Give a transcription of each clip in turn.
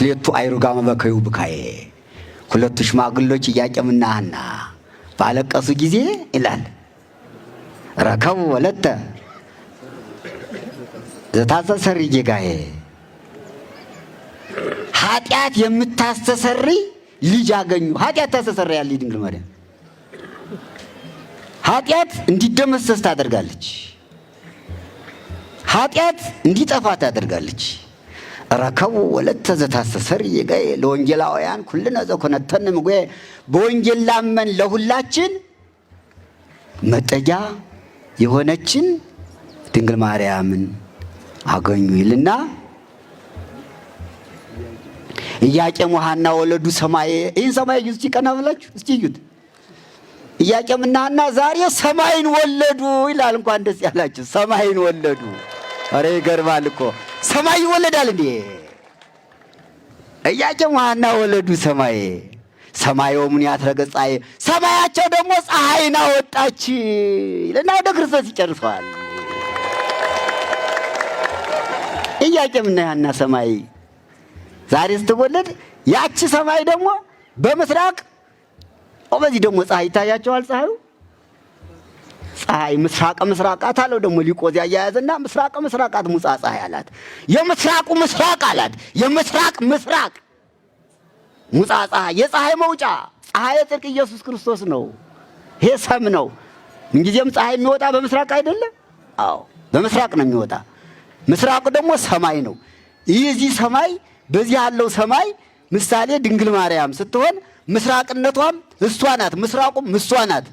ክሌቱ አይሩጋ መበከዩ ብካዬ ሁለቱ ሽማግሎች እያጨምናህና ባለቀሱ ጊዜ ይላል ረከቡ ወለተ ዘታስተሰሪ ጌጋዬ ኃጢአት የምታስተሰሪ ልጅ አገኙ። ኃጢአት ታስተሰሪ ታስተሰርያለች ድንግል ማርያም። ኃጢአት እንዲደመሰስ ታደርጋለች። ኃጢአት እንዲጠፋ ታደርጋለች። ረከቡ ወለተ ዘታሰሰር ይገይ ለወንጌላውያን ነዘ ዘኮነተን ምጉ በወንጌል ላመን ለሁላችን መጠጊያ የሆነችን ድንግል ማርያምን አገኙ ይልና ኢያቄም ወሐና ወለዱ ሰማይ። ይህን ሰማይ እዩት እስቲ፣ ቀና ብላችሁ እስቲ እዩት። ኢያቄምና ሐና ዛሬ ሰማይን ወለዱ ይላል። እንኳን ደስ ያላችሁ፣ ሰማይን ወለዱ። አረ ይገርማል እኮ ሰማይ ይወለዳል እንዴ እያቄ ሐና ወለዱ ሰማይ ምን ወሙንያት ረገጻዬ ሰማያቸው ደግሞ ፀሐይን ወጣች ይልና ወደ ክርስቶስ ይጨርሰዋል። ኢያቄምና ያና ሰማይ ዛሬ ስትወለድ ያቺ ሰማይ ደግሞ በምስራቅ በዚህ ደግሞ ፀሐይ ይታያቸዋል። ፀሐዩ ፀሐይ ምስራቀ ምስራቃት አለው። ደግሞ ሊቆዝ ያያያዝና ምስራቀ ምስራቃት ሙጻ ፀሐይ አላት። የምስራቁ ምስራቅ አላት። የምስራቅ ምስራቅ ሙጻ ፀሐይ የፀሐይ መውጫ ፀሐይ ጽድቅ ኢየሱስ ክርስቶስ ነው። ይሄ ሰም ነው። እንጊዜም ፀሐይ የሚወጣ በምስራቅ አይደለም? አዎ በምስራቅ ነው የሚወጣ። ምስራቁ ደግሞ ሰማይ ነው። ይህ ሰማይ በዚህ ያለው ሰማይ ምሳሌ ድንግል ማርያም ስትሆን ምስራቅነቷም እሷ ናት፣ ምስራቁም እሷ ናት።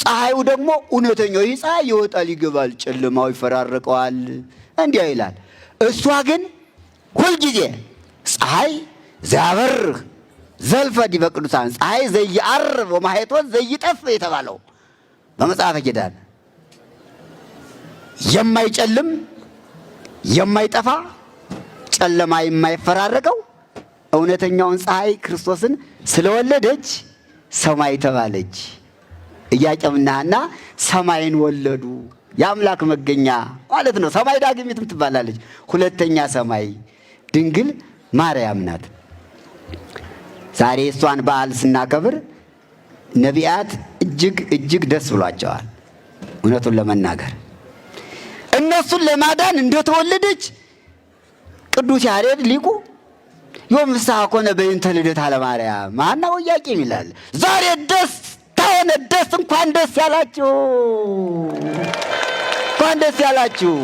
ፀሐዩ ደግሞ እውነተኛው ይህ ፀሐይ ይወጣል ይገባል፣ ጨለማው ይፈራረቀዋል፣ እንዲያ ይላል። እሷ ግን ሁልጊዜ ፀሐይ ዘያበር ዘልፈ ዲበ ቅዱሳን ፀሐይ ዘይአር ወማሕቶት ዘይጠፍ የተባለው በመጽሐፈ ኪዳን የማይጨልም የማይጠፋ ጨለማ የማይፈራረቀው እውነተኛውን ፀሐይ ክርስቶስን ስለወለደች ሰማይ ተባለች። ኢያቄምናና ሰማይን ወለዱ የአምላክ መገኛ ማለት ነው። ሰማይ ዳግሚትም ትባላለች። ሁለተኛ ሰማይ ድንግል ማርያም ናት። ዛሬ እሷን በዓል ስናከብር ነቢያት እጅግ እጅግ ደስ ብሏቸዋል። እውነቱን ለመናገር እነሱን ለማዳን እንደተወለደች ቅዱስ ያሬድ ሊቁ ዮም ፍስሐ ኮነ በእንተ ልደታ ለማርያም ሀና ይላል። ዛሬ ደስ ሆነ። ደስ እንኳን ደስ ያላችሁ፣ እንኳን ደስ ያላችሁ።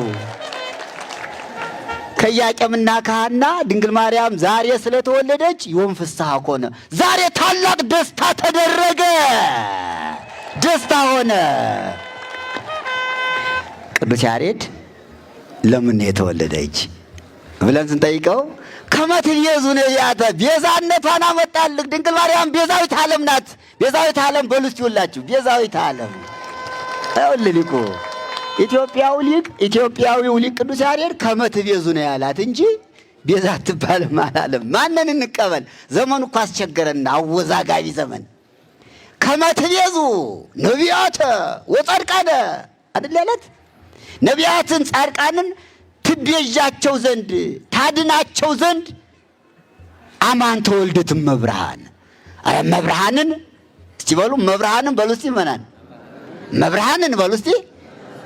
ከኢያቄምና ከሐና ድንግል ማርያም ዛሬ ስለተወለደች ዮም ፍስሐ ኮነ። ዛሬ ታላቅ ደስታ ተደረገ፣ ደስታ ሆነ። ቅዱስ ያሬድ ለምን የተወለደች ብለን ስንጠይቀው የዙን ያተ ቤዛነቷን አመጣልህ ድንግል ማርያም ቤዛዊት ዓለም ናት። ቤዛዊት ዓለም በሉስ ይውላችሁ፣ ቤዛዊት ዓለም ይውል ሊቁ ኢትዮጵያው ሊቅ ኢትዮጵያዊው ሊቅ ቅዱስ ያሬድ ከመትቤዙ ነው ያላት እንጂ ቤዛ አትባልም አላለም። ማንን እንቀበል? ዘመኑ እኮ አስቸገረና አወዛጋቢ ዘመን። ከመት ቤዙ ነቢያተ ወጸድቃነ አይደል ያለት ነቢያትን ጻድቃንን ትቤዣቸው ዘንድ ታድናቸው ዘንድ አማን ተወልደት መብርሃን አረ መብርሃንን እስቲ በሉ መብርሃንን በሉ እስቲ መናን መብርሃንን በሉ እስቲ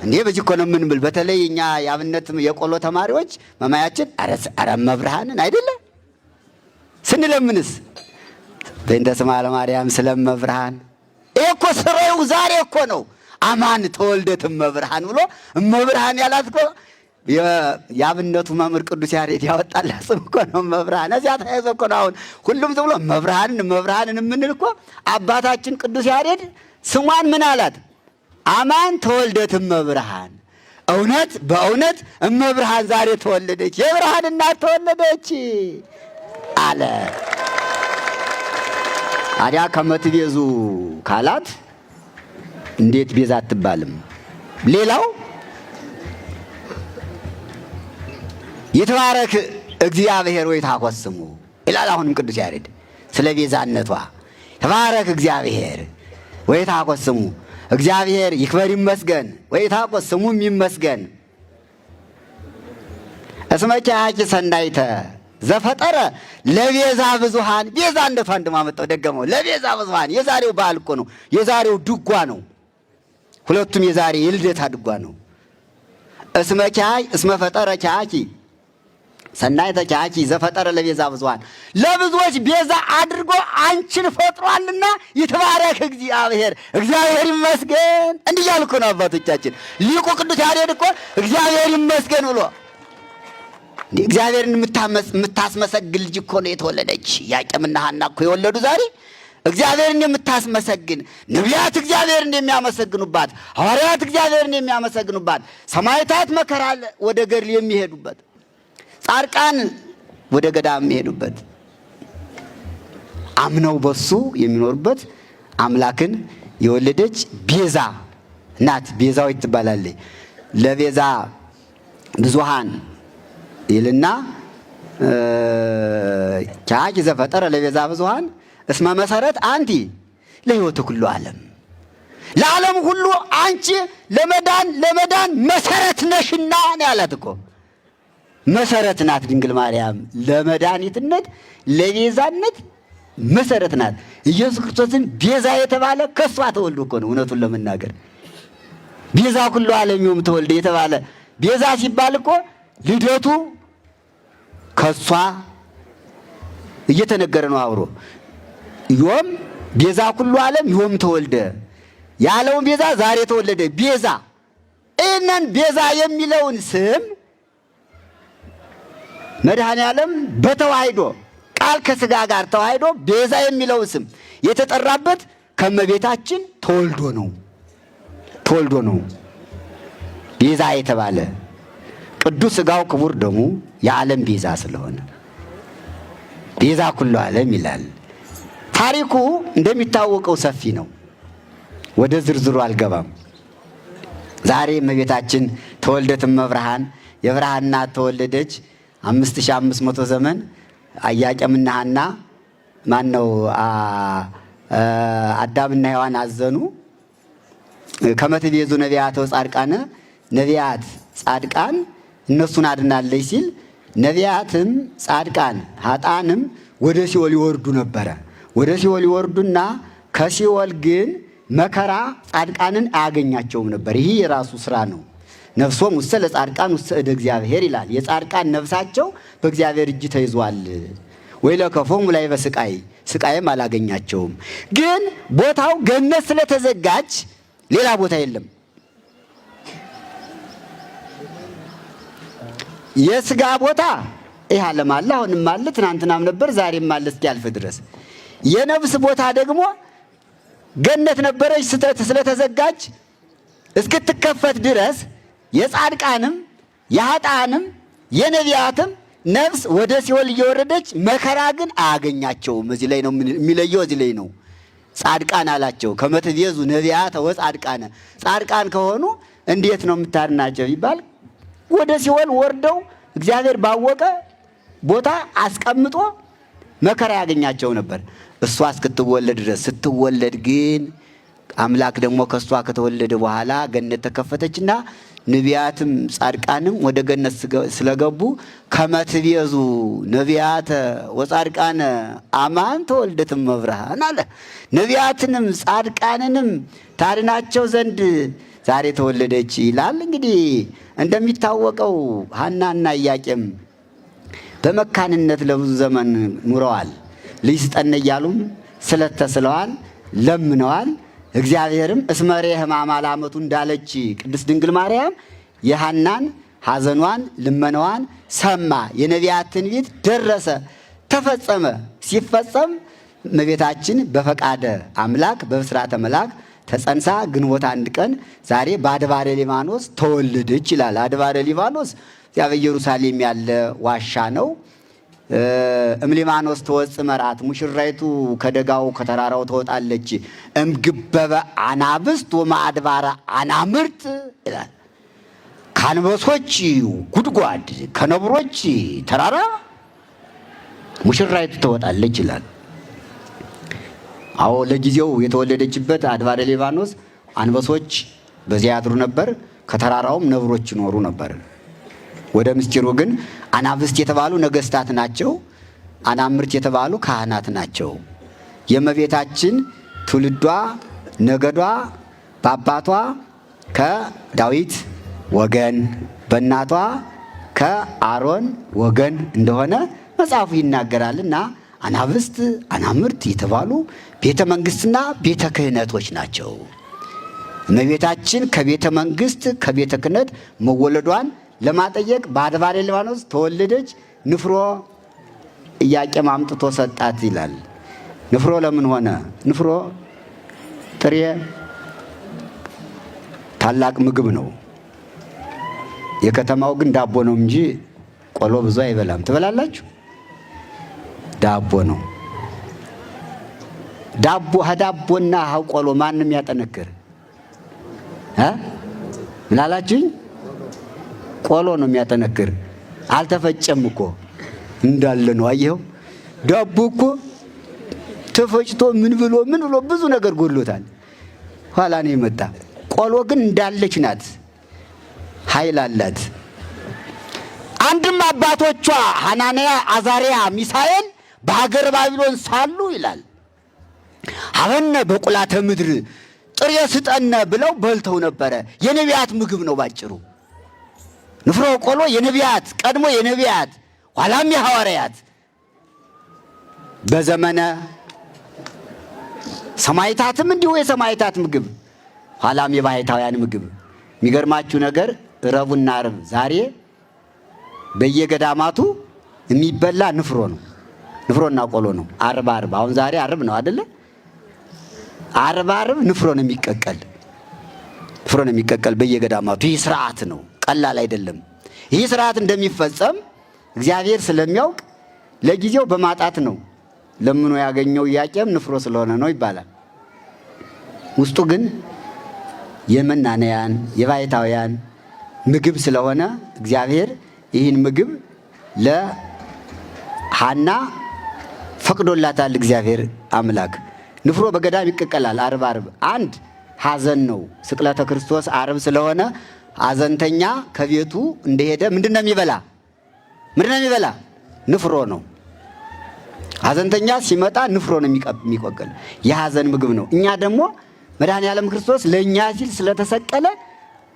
እንዴ በዚህ እኮ ነው የምንብል። በተለይ እኛ የአብነት የቆሎ ተማሪዎች መማያችን አረ መብርሃንን አይደለ ስንለምንስ በእንተ ስማ ለማርያም ስለም መብርሃን ይሄ እኮ ስራው ዛሬ እኮ ነው። አማን ተወልደት መብርሃን ብሎ መብርሃን ያላትኮ የአብነቱ መምህር ቅዱስ ያሬድ ያወጣላ ስም እኮ ነው መብርሃን። እዚያ ተያይዞ እኮ ነው አሁን ሁሉም ዝም ብሎ መብርሃንን መብርሃንን የምንል እኮ አባታችን ቅዱስ ያሬድ ስሟን ምን አላት? አማን ተወልደት እመብርሃን፣ እውነት በእውነት እመብርሃን ዛሬ ተወለደች፣ የብርሃን እናት ተወለደች አለ። ታዲያ ከመትቤዙ ካላት እንዴት ቤዛ አትባልም? ሌላው ይትባረክ እግዚአብሔር ወይ ታኮስሙ ይላል። አሁንም ቅዱስ ያሬድ ስለ ቤዛነቷ ተባረክ እግዚአብሔር ወይ ታኮስሙ እግዚአብሔር ይክበር ይመስገን ወይ ታቆስ ስሙም ይመስገን እስመቻ ያቂ ሰናይተ ዘፈጠረ ለቤዛ ብዙሃን ቤዛነቷ እንደቷ እንደማመጣው ደገመው ለቤዛ ብዙሃን የዛሬው በዓል እኮ ነው። የዛሬው ድጓ ነው። ሁለቱም የዛሬ የልደታ ድጓ ነው። እስመቻይ እስመፈጠረ ቻኪ ሰናይ ተቻቺ ዘፈጠረ ለቤዛ ብዙሃን ለብዙዎች ቤዛ አድርጎ አንቺን ፈጥሯልና ይትባረክ እግዚአብሔር። እግዚአብሔር ይመስገን እንዲህ ነው አባቶቻችን። ሊቁ ቅዱስ ያሬድ እኮ እግዚአብሔር ይመስገን ብሎ እግዚአብሔርን የምታስመሰግን ልጅ እኮ ነው የተወለደች። ያቄምና ሐና እኮ የወለዱ ዛሬ እግዚአብሔርን የምታስመሰግን ነቢያት እግዚአብሔርን የሚያመሰግኑባት ሐዋርያት እግዚአብሔርን የሚያመሰግኑባት ሰማይታት መከራ ወደ ገድል የሚሄዱበት ጻድቃን ወደ ገዳም የሚሄዱበት አምነው በሱ የሚኖሩበት አምላክን የወለደች ቤዛ ናት። ቤዛዊት ትባላለች። ለቤዛ ብዙሃን ይልና ቻኪ ዘፈጠረ ለቤዛ ብዙሃን እስመ መሰረት አንቲ ለህይወት ሁሉ ዓለም ለዓለም ሁሉ አንቺ ለመዳን ለመዳን መሰረት ነሽና ነው ያላት እኮ መሰረት ናት። ድንግል ማርያም ለመድኃኒትነት ለቤዛነት መሰረት ናት። ኢየሱስ ክርስቶስን ቤዛ የተባለ ከሷ ተወልዶ እኮ ነው። እውነቱን ለመናገር ቤዛ ኩሉ ዓለም ዮም ተወልደ የተባለ ቤዛ ሲባል እኮ ልደቱ ከሷ እየተነገረ ነው። አብሮ ዮም ቤዛ ኩሉ ዓለም ዮም ተወልደ ያለውን ቤዛ ዛሬ ተወለደ ቤዛ። ይህንን ቤዛ የሚለውን ስም መድኃኔ ዓለም በተዋህዶ ቃል ከስጋ ጋር ተዋህዶ ቤዛ የሚለው ስም የተጠራበት ከመቤታችን ተወልዶ ነው። ተወልዶ ነው ቤዛ የተባለ ቅዱስ ስጋው ክቡር ደሙ የዓለም ቤዛ ስለሆነ ቤዛ ኩሉ ዓለም ይላል። ታሪኩ እንደሚታወቀው ሰፊ ነው። ወደ ዝርዝሩ አልገባም። ዛሬ እመቤታችን ተወልደትም መብርሃን የብርሃን እናት ተወለደች። አምስት ሺህ አምስት መቶ ዘመን አያቄምና ሐና ማን ነው አዳምና ሔዋን አዘኑ። ከመትቤዙ ነቢያተው ጻድቃነ ነቢያት ጻድቃን እነሱን አድናለች ሲል ነቢያትም ጻድቃን ሀጣንም ወደ ሲኦል ይወርዱ ነበረ። ወደ ሲኦል ይወርዱና ከሲኦል ግን መከራ ጻድቃንን አያገኛቸውም ነበር። ይህ የራሱ ስራ ነው። ነፍሶም ውስተ ለጻድቃን ውስተ እደ እግዚአብሔር ይላል። የጻድቃን ነፍሳቸው በእግዚአብሔር እጅ ተይዟል። ወይ ለከፎሙ ላይ በስቃይ ስቃይም አላገኛቸውም። ግን ቦታው ገነት ስለተዘጋች ሌላ ቦታ የለም። የስጋ ቦታ ይህ ዓለም አለ፣ አሁንም አለ፣ ትናንትናም ነበር፣ ዛሬም አለ እስኪያልፍ ድረስ። የነፍስ ቦታ ደግሞ ገነት ነበረች ስለተዘጋች እስክትከፈት ድረስ የጻድቃንም የኃጥአንም የነቢያትም ነፍስ ወደ ሲኦል እየወረደች መከራ ግን አያገኛቸውም። እዚህ ላይ ነው የሚለየው፣ እዚህ ላይ ነው። ጻድቃን አላቸው ከመትቤዙ ነቢያተ ወጻድቃነ ጻድቃን ከሆኑ እንዴት ነው የምታድናቸው ይባል ወደ ሲኦል ወርደው እግዚአብሔር ባወቀ ቦታ አስቀምጦ መከራ ያገኛቸው ነበር እሷ እስክትወለድ ድረስ ስትወለድ ግን አምላክ ደግሞ ከእሷ ከተወለደ በኋላ ገነት ተከፈተችና ነቢያትም ጻድቃንም ወደ ገነት ስለገቡ ከመትቤዙ ነቢያተ ወጻድቃነ አማን ተወልደትም መብርሃን አለ። ነቢያትንም ጻድቃንንም ታድናቸው ዘንድ ዛሬ ተወለደች ይላል። እንግዲህ እንደሚታወቀው ሐናና ኢያቄም በመካንነት ለብዙ ዘመን ኑረዋል። ልጅ ስጠን እያሉም ስለት ተስለዋል፣ ለምነዋል። እግዚአብሔርም እስመሬ ህማማ ላመቱ እንዳለች ቅድስት ድንግል ማርያም የሐናን ሐዘኗን ልመናዋን ሰማ። የነቢያት ትንቢት ደረሰ፣ ተፈጸመ። ሲፈጸም እመቤታችን በፈቃደ አምላክ በብስራተ መልአክ ተጸንሳ ግንቦት አንድ ቀን ዛሬ በአድባረ ሊባኖስ ተወለደች ይላል። አድባረ ሊባኖስ በኢየሩሳሌም ያለ ዋሻ ነው። እምሊማኖስ ተወፅ መርአት ሙሽራይቱ ከደጋው ከተራራው ተወጣለች። እምግበበ አናብስት ወማአድባረ አናምርት ይላል። ከአንበሶች ጉድጓድ ከነብሮች ተራራ ሙሽራይቱ ተወጣለች ይላል። አዎ ለጊዜው የተወለደችበት አድባረ ሊባኖስ አንበሶች በዚያ ያድሩ ነበር። ከተራራውም ነብሮች ይኖሩ ነበር። ወደ ምስጢሩ ግን አናብስት የተባሉ ነገስታት ናቸው፣ አናምርት የተባሉ ካህናት ናቸው። የእመቤታችን ትውልዷ ነገዷ በአባቷ ከዳዊት ወገን በእናቷ ከአሮን ወገን እንደሆነ መጽሐፉ ይናገራልና አናብስት አናምርት የተባሉ ቤተ መንግስትና ቤተ ክህነቶች ናቸው። እመቤታችን ከቤተ መንግስት ከቤተ ክህነት መወለዷን ለማጠየቅ በአድባሬ ሊባኖስ ተወለደች፣ ንፍሮ እያቄም አምጥቶ ሰጣት ይላል። ንፍሮ ለምን ሆነ? ንፍሮ ጥሬ ታላቅ ምግብ ነው። የከተማው ግን ዳቦ ነው እንጂ ቆሎ ብዙ አይበላም። ትበላላችሁ? ዳቦ ነው። ዳቦ ከዳቦና ቆሎ ማንም ያጠነክር እ ቆሎ ነው የሚያጠነክር። አልተፈጨም እኮ እንዳለ ነው። አየኸው ዳቦ እኮ ተፈጭቶ ምን ብሎ ምን ብሎ ብዙ ነገር ጎሎታል ኋላ ነው የመጣ። ቆሎ ግን እንዳለች ናት፣ ኃይል አላት። አንድም አባቶቿ ሐናንያ፣ አዛሪያ፣ ሚሳኤል በሀገር ባቢሎን ሳሉ ይላል አበነ በቁላተ ምድር ጥሬ ስጠነ ብለው በልተው ነበረ። የነቢያት ምግብ ነው ባጭሩ። ንፍሮ ቆሎ የነቢያት ቀድሞ የነቢያት ኋላም የሐዋርያት በዘመነ ሰማይታትም እንዲሁ የሰማይታት ምግብ ኋላም የባይታውያን ምግብ። የሚገርማችሁ ነገር ረቡና ዓርብ ዛሬ በየገዳማቱ የሚበላ ንፍሮ ነው። ንፍሮና ቆሎ ነው። ዓርብ አርብ አሁን ዛሬ አርብ ነው አደለ? ዓርብ አርብ ንፍሮ ነው የሚቀቀል፣ ንፍሮ ነው የሚቀቀል በየገዳማቱ። ይህ ስርዓት ነው። ቀላል አይደለም። ይህ ስርዓት እንደሚፈጸም እግዚአብሔር ስለሚያውቅ ለጊዜው በማጣት ነው። ለምኖ ያገኘው ኢያቄም ንፍሮ ስለሆነ ነው ይባላል። ውስጡ ግን የመናንያን የባይታውያን ምግብ ስለሆነ እግዚአብሔር ይህን ምግብ ለሐና ፈቅዶላታል። እግዚአብሔር አምላክ ንፍሮ በገዳም ይቀቀላል። አርብ አርብ አንድ ሐዘን ነው። ስቅለተ ክርስቶስ አርብ ስለሆነ አዘንተኛ ከቤቱ እንደሄደ ምንድን ነው የሚበላ? ምንድን ነው የሚበላ? ንፍሮ ነው። አዘንተኛ ሲመጣ ንፍሮ ነው የሚቆቅል፣ የሀዘን ምግብ ነው። እኛ ደግሞ መድኃኔ ዓለም ክርስቶስ ለእኛ ሲል ስለተሰቀለ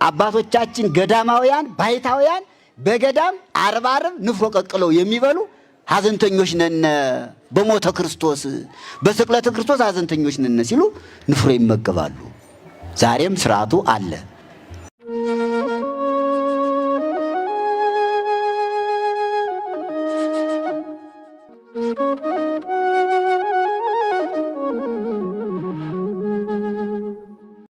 አባቶቻችን ገዳማውያን፣ ባይታውያን በገዳም አርብ አርብ ንፍሮ ቀቅለው የሚበሉ ሀዘንተኞች ነነ በሞተ ክርስቶስ በስቅለተ ክርስቶስ ሀዘንተኞች ነነ ሲሉ ንፍሮ ይመገባሉ። ዛሬም ስርዓቱ አለ።